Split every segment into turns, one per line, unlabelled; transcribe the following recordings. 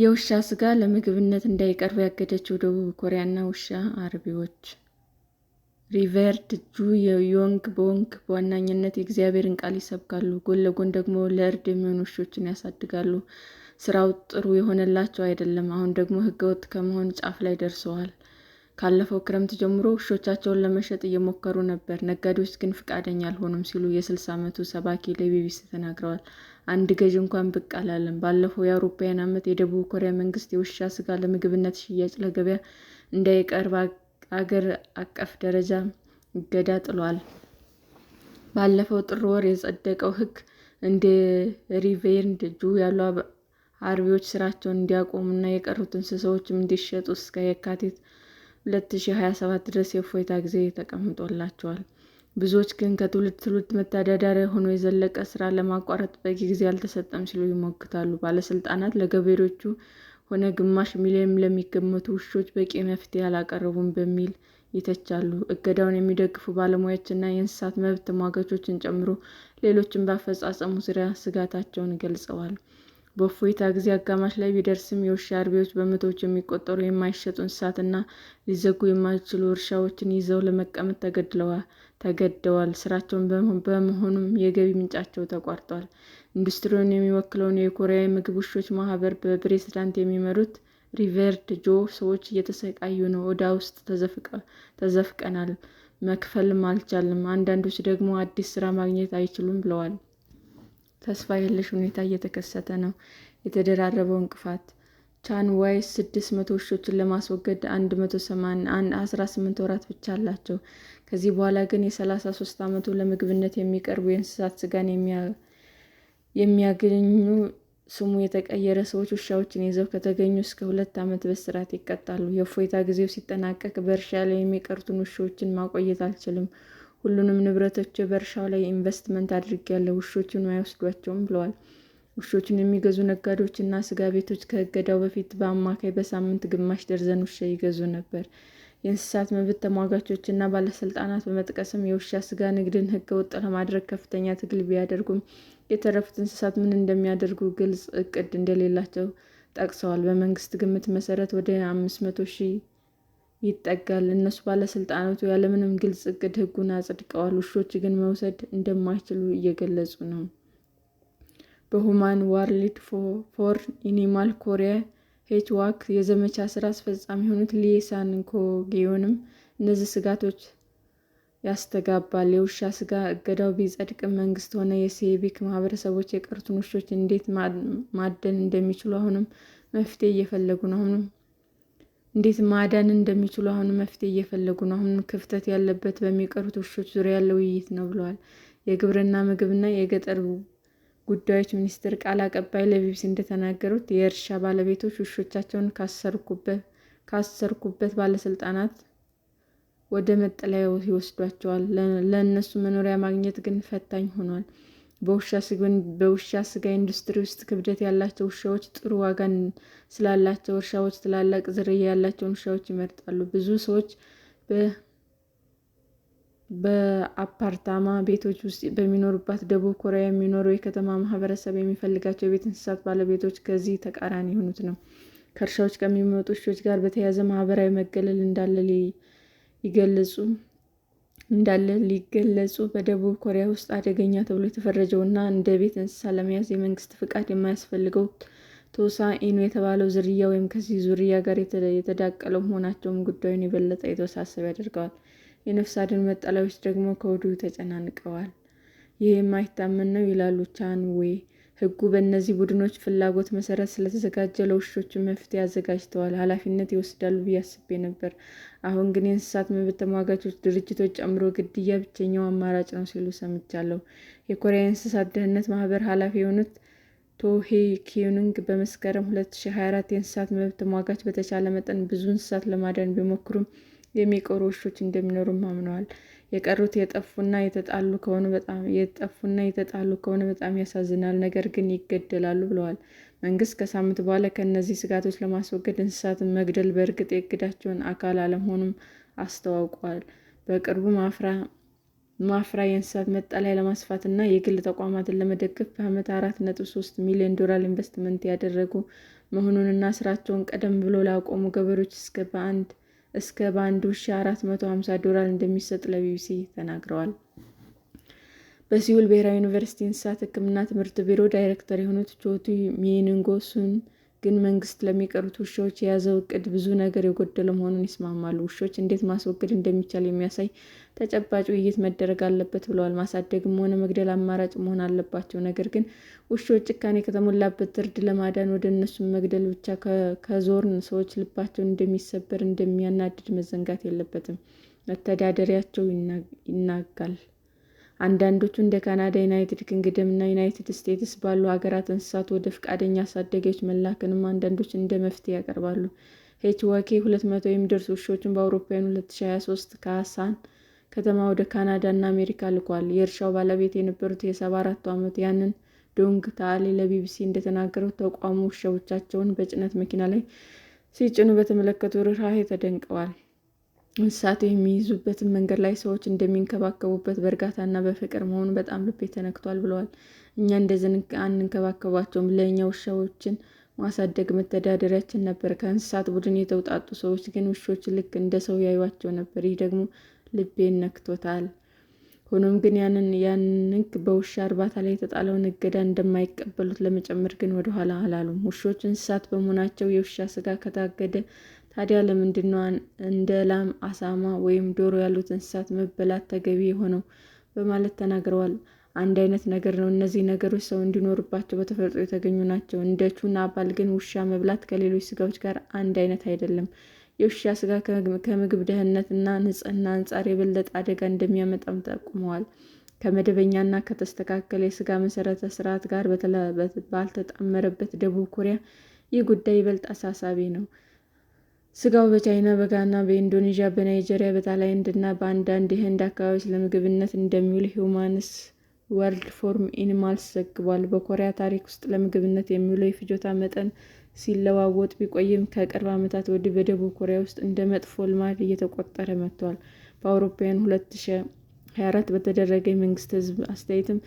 የውሻ ስጋ ለምግብነት እንዳይቀርብ ያገደችው ደቡብ ኮሪያና ውሻ አርቢዎች። ሪቨርድ ጁ የዮንግ ቦንግ በዋነኝነት የእግዚአብሔርን ቃል ይሰብካሉ፣ ጎን ለጎን ደግሞ ለእርድ የሚሆኑ ውሾችን ያሳድጋሉ። ስራው ጥሩ የሆነላቸው አይደለም። አሁን ደግሞ ህገወጥ ከመሆን ጫፍ ላይ ደርሰዋል። ካለፈው ክረምት ጀምሮ ውሾቻቸውን ለመሸጥ እየሞከሩ ነበር፣ ነጋዴዎች ግን ፈቃደኛ አልሆኑም ሲሉ የ60 ዓመቱ ሰባኪ ለቢቢሲ ተናግረዋል። አንድ ገዢ እንኳን ብቅ አላለም። ባለፈው የአውሮፓውያን ዓመት የደቡብ ኮሪያ መንግስት የውሻ ስጋ ለምግብነት ሽያጭ ለገበያ እንዳይቀርብ አገር አቀፍ ደረጃ እገዳ ጥሏል። ባለፈው ጥር ወር የጸደቀው ሕግ እንደ ሪቬርንድ ጁ ያሉ አርቢዎች ስራቸውን እንዲያቆሙና የቀሩት እንስሳዎችም እንዲሸጡ እስከ የካቲት 2027 ድረስ የእፎይታ ጊዜ ተቀምጦላቸዋል። ብዙዎች ግን ከትውልድ ትውልድ መተዳደሪያ ሆኖ የዘለቀ ስራ ለማቋረጥ በቂ ጊዜ አልተሰጠም ሲሉ ይሞግታሉ። ባለስልጣናት ለገበሬዎቹ ሆነ ግማሽ ሚሊዮን ለሚገመቱ ውሾች በቂ መፍትሄ አላቀረቡም በሚል ይተቻሉ። እገዳውን የሚደግፉ ባለሙያዎች እና የእንስሳት መብት ተሟጋቾችን ጨምሮ ሌሎችም በአፈጻጸሙ ዙሪያ ስጋታቸውን ገልጸዋል። በእፎይታ ጊዜ አጋማሽ ላይ ቢደርስም የውሻ አርቢዎች በመቶዎች የሚቆጠሩ የማይሸጡ እንስሳትና ሊዘጉ የማይችሉ እርሻዎችን ይዘው ለመቀመጥ ተገደዋል። ስራቸውን በመሆኑም የገቢ ምንጫቸው ተቋርጧል። ኢንዱስትሪውን የሚወክለውን የኮሪያ የምግብ ውሾች ማህበር በፕሬዝዳንት የሚመሩት ሪቨርድ ጆ ሰዎች እየተሰቃዩ ነው፣ ዕዳ ውስጥ ተዘፍቀናል፣ መክፈልም አልቻልም። አንዳንዶች ደግሞ አዲስ ስራ ማግኘት አይችሉም ብለዋል። ተስፋ የለሽ ሁኔታ እየተከሰተ ነው። የተደራረበው እንቅፋት ቻን ዋይ ስድስት መቶ ውሾችን ለማስወገድ አንድ መቶ ሰማንያ አስራ ስምንት ወራት ብቻ አላቸው። ከዚህ በኋላ ግን የሰላሳ ሶስት ዓመቱ ለምግብነት የሚቀርቡ የእንስሳት ስጋን የሚያገኙ ስሙ የተቀየረ ሰዎች ውሻዎችን ይዘው ከተገኙ እስከ ሁለት ዓመት በእስራት ይቀጣሉ። የእፎይታ ጊዜው ሲጠናቀቅ በእርሻ ላይ የሚቀሩትን ውሾችን ማቆየት አልችልም ሁሉንም ንብረቶች በእርሻው ላይ ኢንቨስትመንት አድርጌያለሁ፣ ውሾቹን አይወስዷቸውም ብለዋል። ውሾቹን የሚገዙ ነጋዴዎች እና ስጋ ቤቶች ከእገዳው በፊት በአማካይ በሳምንት ግማሽ ደርዘን ውሻ ይገዙ ነበር። የእንስሳት መብት ተሟጋቾች እና ባለስልጣናት በመጥቀስም የውሻ ስጋ ንግድን ወጥ ለማድረግ ከፍተኛ ትግል ቢያደርጉም የተረፉት እንስሳት ምን እንደሚያደርጉ ግልጽ እቅድ እንደሌላቸው ጠቅሰዋል። በመንግስት ግምት መሰረት ወደ አምስት መቶ ሺህ ይጠጋል። እነሱ ባለስልጣናቱ ያለምንም ግልጽ እቅድ ሕጉን አጽድቀዋል። ውሾች ግን መውሰድ እንደማይችሉ እየገለጹ ነው። በሁማን ዋርሊድ ፎር ኢኒማል ኮሪያ ሄች ዋክ የዘመቻ ስራ አስፈጻሚ የሆኑት ሊ ሳንኮጌዮንም እነዚህ ስጋቶች ያስተጋባል። የውሻ ስጋ እገዳው ቢጸድቅም መንግስት ሆነ የሲቪክ ማህበረሰቦች የቀሩትን ውሾች እንዴት ማደን እንደሚችሉ አሁንም መፍትሄ እየፈለጉ ነው። አሁንም እንዴት ማዳን እንደሚችሉ አሁን መፍትሄ እየፈለጉ ነው። አሁን ክፍተት ያለበት በሚቀሩት ውሾች ዙሪያ ያለ ውይይት ነው ብለዋል። የግብርና ምግብና የገጠር ጉዳዮች ሚኒስቴር ቃል አቀባይ ለቢቢሲ እንደተናገሩት የእርሻ ባለቤቶች ውሾቻቸውን ካሰርኩበት ባለስልጣናት ወደ መጠለያ ይወስዷቸዋል። ለእነሱ መኖሪያ ማግኘት ግን ፈታኝ ሆኗል። በውሻ ስጋ ኢንዱስትሪ ውስጥ ክብደት ያላቸው ውሻዎች ጥሩ ዋጋ ስላላቸው እርሻዎች ትላላቅ ዝርያ ያላቸውን ውሻዎች ይመርጣሉ። ብዙ ሰዎች በአፓርታማ ቤቶች ውስጥ በሚኖሩባት ደቡብ ኮሪያ የሚኖረው የከተማ ማህበረሰብ የሚፈልጋቸው የቤት እንስሳት ባለቤቶች ከዚህ ተቃራኒ የሆኑት ነው። ከእርሻዎች ከሚመጡ ውሾች ጋር በተያያዘ ማህበራዊ መገለል እንዳለ ይገልጹ እንዳለ ሊገለጹ በደቡብ ኮሪያ ውስጥ አደገኛ ተብሎ የተፈረጀው እና እንደ ቤት እንስሳ ለመያዝ የመንግስት ፍቃድ የማያስፈልገው ቶሳ ኢኑ የተባለው ዝርያ ወይም ከዚህ ዝርያ ጋር የተዳቀለው መሆናቸውም ጉዳዩን የበለጠ የተወሳሰበ ያደርገዋል። የነፍስ አድን መጠለያዎች ደግሞ ከወዲሁ ተጨናንቀዋል። ይህ የማይታመን ነው ይላሉ ቻን ዌ። ህጉ በእነዚህ ቡድኖች ፍላጎት መሰረት ስለተዘጋጀ ለውሾቹ መፍትሄ አዘጋጅተዋል። ኃላፊነት ይወስዳሉ ብዬ አስቤ ነበር። አሁን ግን የእንስሳት መብት ተሟጋቾች ድርጅቶች ጨምሮ ግድያ ብቸኛው አማራጭ ነው ሲሉ ሰምቻለሁ። የኮሪያ የእንስሳት ደህንነት ማህበር ኃላፊ የሆኑት ቶሄ ኪዩንግ በመስከረም 2024 የእንስሳት መብት ተሟጋች በተቻለ መጠን ብዙ እንስሳት ለማዳን ቢሞክሩም የሚቀሩ ውሾች እንደሚኖሩም አምነዋል። የቀሩት የጠፉና የተጣሉ ከሆኑ በጣም የጠፉና የተጣሉ ከሆነ በጣም ያሳዝናል፣ ነገር ግን ይገደላሉ ብለዋል። መንግስት ከሳምንት በኋላ ከእነዚህ ስጋቶች ለማስወገድ እንስሳትን መግደል በእርግጥ የግዳቸውን አካል አለመሆኑም አስተዋውቋል። በቅርቡ ማፍራ የእንስሳት መጠለያ ለማስፋት እና የግል ተቋማትን ለመደገፍ በዓመት አራት ነጥብ ሶስት ሚሊዮን ዶላር ኢንቨስትመንት ያደረጉ መሆኑንና ስራቸውን ቀደም ብሎ ላቆሙ ገበሬዎች እስከ በአንድ እስከ በአንድ ውሻ 450 ዶላር እንደሚሰጥ ለቢቢሲ ተናግረዋል። በሲውል ብሔራዊ ዩኒቨርሲቲ እንስሳት ሕክምና ትምህርት ቢሮ ዳይሬክተር የሆኑት ቾቱ ሚንንጎ ሱን ግን መንግስት ለሚቀሩት ውሾች የያዘው እቅድ ብዙ ነገር የጎደለ መሆኑን ይስማማሉ። ውሾች እንዴት ማስወገድ እንደሚቻል የሚያሳይ ተጨባጭ ውይይት መደረግ አለበት ብለዋል። ማሳደግም ሆነ መግደል አማራጭ መሆን አለባቸው። ነገር ግን ውሾች ጭካኔ ከተሞላበት እርድ ለማዳን ወደ እነሱም መግደል ብቻ ከዞርን ሰዎች ልባቸውን እንደሚሰበር እንደሚያናድድ መዘንጋት የለበትም። መተዳደሪያቸው ይናጋል። አንዳንዶቹ እንደ ካናዳ፣ ዩናይትድ ኪንግደም እና ዩናይትድ ስቴትስ ባሉ ሀገራት እንስሳት ወደ ፈቃደኛ አሳዳጊዎች መላክንም አንዳንዶች እንደ መፍትሄ ያቀርባሉ። ኤችዋኬ 200 የሚደርሱ ውሾችን በአውሮፓውያኑ 2023 ከሀሳን ከተማ ወደ ካናዳ እና አሜሪካ ልኳል። የእርሻው ባለቤት የነበሩት የ 74 ዓመት ያንን ዶንግ ታአሌ ለቢቢሲ እንደተናገረው ተቋሙ ውሻዎቻቸውን በጭነት መኪና ላይ ሲጭኑ በተመለከቱ ርኅራኄ ተደንቀዋል። እንስሳቱ የሚይዙበትን መንገድ ላይ ሰዎች እንደሚንከባከቡበት በእርጋታና በፍቅር መሆኑ በጣም ልቤ ተነክቷል ብለዋል። እኛ እንደዚህ አንንከባከባቸውም። ለእኛ ውሻዎችን ማሳደግ መተዳደሪያችን ነበር። ከእንስሳት ቡድን የተውጣጡ ሰዎች ግን ውሾች ልክ እንደ ሰው ያዩዋቸው ነበር። ይህ ደግሞ ልቤን ነክቶታል። ሆኖም ግን ያንን ያንን በውሻ እርባታ ላይ የተጣለውን እገዳ እንደማይቀበሉት ለመጨመር ግን ወደኋላ አላሉም። ውሾች እንስሳት በመሆናቸው የውሻ ስጋ ከታገደ ታዲያ ለምንድን ነው እንደ ላም፣ አሳማ ወይም ዶሮ ያሉት እንስሳት መበላት ተገቢ የሆነው? በማለት ተናግረዋል። አንድ አይነት ነገር ነው። እነዚህ ነገሮች ሰው እንዲኖርባቸው በተፈጥሮ የተገኙ ናቸው። እንደ ቹና አባል ግን ውሻ መብላት ከሌሎች ስጋዎች ጋር አንድ አይነት አይደለም። የውሻ ስጋ ከምግብ ደህንነት እና ንጽህና አንጻር የበለጠ አደጋ እንደሚያመጣም ጠቁመዋል። ከመደበኛና ከተስተካከለ የስጋ መሰረተ ስርዓት ጋር ባልተጣመረበት ደቡብ ኮሪያ ይህ ጉዳይ ይበልጥ አሳሳቢ ነው። ስጋው በቻይና፣ በጋና፣ በኢንዶኔዥያ፣ በናይጄሪያ፣ በታይላንድ እና በአንዳንድ የህንድ አካባቢዎች ለምግብነት እንደሚውል ሁማን ወርልድ ፎርም ኤኒማልስ ዘግቧል። በኮሪያ ታሪክ ውስጥ ለምግብነት የሚውለው የፍጆታ መጠን ሲለዋወጥ ቢቆይም፣ ከቅርብ ዓመታት ወዲህ በደቡብ ኮሪያ ውስጥ እንደ መጥፎ ልማድ እየተቆጠረ መጥቷል። በአውሮፓውያን 2024 በተደረገ የመንግስት ህዝብ አስተያየትም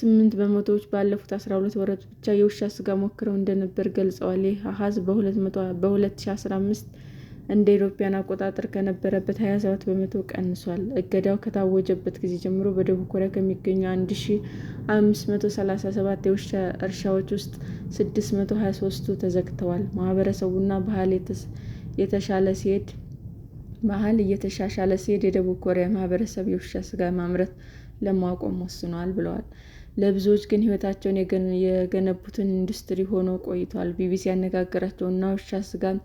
ስምንት በመቶዎች ባለፉት 12 ወራት ብቻ የውሻ ስጋ ሞክረው እንደነበር ገልጸዋል። ይህ አሃዝ በ2015 እንደ ኢትዮጵያን አቆጣጠር ከነበረበት 27 በመቶ ቀንሷል። እገዳው ከታወጀበት ጊዜ ጀምሮ በደቡብ ኮሪያ ከሚገኙ 1537 የውሻ እርሻዎች ውስጥ 623ቱ ተዘግተዋል። ማህበረሰቡና ባህል የተሻለ ሲሄድ ባህል እየተሻሻለ ሲሄድ የደቡብ ኮሪያ ማህበረሰብ የውሻ ስጋ ማምረት ለማቆም ወስኗል ብለዋል። ለብዙዎች ግን ሕይወታቸውን የገነቡትን ኢንዱስትሪ ሆኖ ቆይቷል። ቢቢሲ ያነጋገራቸው እና ውሻ ስጋን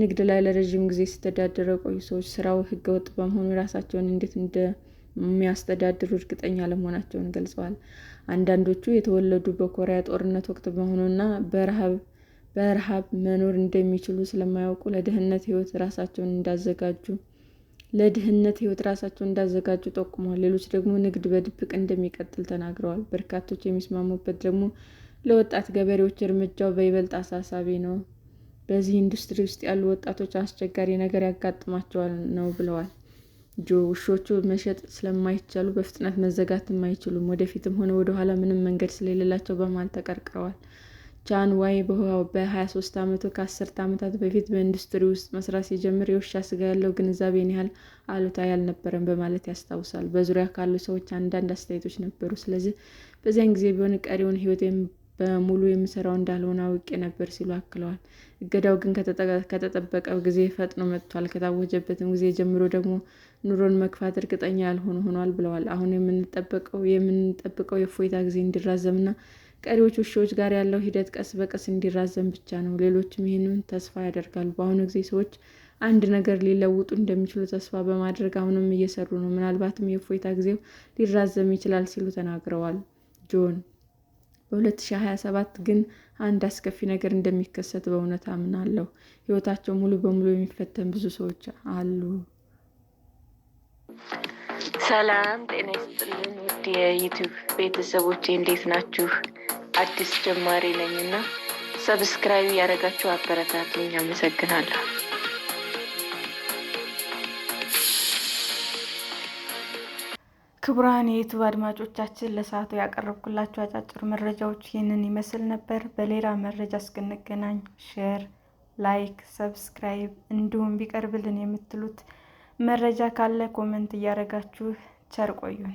ንግድ ላይ ለረዥም ጊዜ ሲተዳደሩ ቆዩ ሰዎች ስራው ህገወጥ በመሆኑ ራሳቸውን እንዴት እንደሚያስተዳድሩ እርግጠኛ አለመሆናቸውን ገልጸዋል። አንዳንዶቹ የተወለዱ በኮሪያ ጦርነት ወቅት በመሆኑና በረሃብ መኖር እንደሚችሉ ስለማያውቁ ለድህነት ህይወት ራሳቸውን እንዳዘጋጁ ለድህነት ህይወት ራሳቸውን እንዳዘጋጁ ጠቁመዋል። ሌሎች ደግሞ ንግድ በድብቅ እንደሚቀጥል ተናግረዋል። በርካቶች የሚስማሙበት ደግሞ ለወጣት ገበሬዎች እርምጃው በይበልጥ አሳሳቢ ነው በዚህ ኢንዱስትሪ ውስጥ ያሉ ወጣቶች አስቸጋሪ ነገር ያጋጥማቸዋል ነው ብለዋል ጆ። ውሾቹ መሸጥ ስለማይቻሉ በፍጥነት መዘጋትም አይችሉም፣ ወደፊትም ሆነ ወደኋላ ምንም መንገድ ስለሌላቸው በመሃል ተቀርቅረዋል። ቻን ዋይ በ23 ዓመቱ ከአስርተ ዓመታት በፊት በኢንዱስትሪ ውስጥ መስራት ሲጀምር የውሻ ስጋ ያለው ግንዛቤ ያህል አሉታዊ አልነበረም በማለት ያስታውሳል። በዙሪያ ካሉ ሰዎች አንዳንድ አስተያየቶች ነበሩ። ስለዚህ በዚያን ጊዜ ቢሆን ቀሪውን ሕይወት በሙሉ የምሰራው እንዳልሆነ አውቄ ነበር ሲሉ አክለዋል። እገዳው ግን ከተጠበቀው ጊዜ ፈጥኖ መጥቷል። ከታወጀበትም ጊዜ ጀምሮ ደግሞ ኑሮን መግፋት እርግጠኛ ያልሆነ ሆኗል ብለዋል። አሁን የምንጠበቀው የምንጠብቀው የእፎይታ ጊዜ እንዲራዘምና ቀሪዎች ውሾች ጋር ያለው ሂደት ቀስ በቀስ እንዲራዘም ብቻ ነው። ሌሎችም ይህንን ተስፋ ያደርጋሉ። በአሁኑ ጊዜ ሰዎች አንድ ነገር ሊለውጡ እንደሚችሉ ተስፋ በማድረግ አሁንም እየሰሩ ነው። ምናልባትም የእፎይታ ጊዜው ሊራዘም ይችላል ሲሉ ተናግረዋል። ጆን በ2027 ግን አንድ አስከፊ ነገር እንደሚከሰት በእውነት አምናለሁ። ህይወታቸው ሙሉ በሙሉ የሚፈተን ብዙ ሰዎች አሉ።
ሰላም ጤና ይስጥልን ውድ የዩቲዩብ ቤተሰቦች እንዴት ናችሁ? አዲስ ጀማሪ ነኝና ሰብስክራይብ ያደረጋችሁ አበረታት አመሰግናለሁ። ክቡራን የዩቱብ አድማጮቻችን ለሰዓቱ ያቀረብኩላቸው አጫጭር መረጃዎች ይህንን ይመስል ነበር። በሌላ መረጃ እስክንገናኝ ሼር፣ ላይክ፣ ሰብስክራይብ እንዲሁም ቢቀርብልን የምትሉት መረጃ ካለ ኮመንት እያደረጋችሁ ቸር ቆዩን።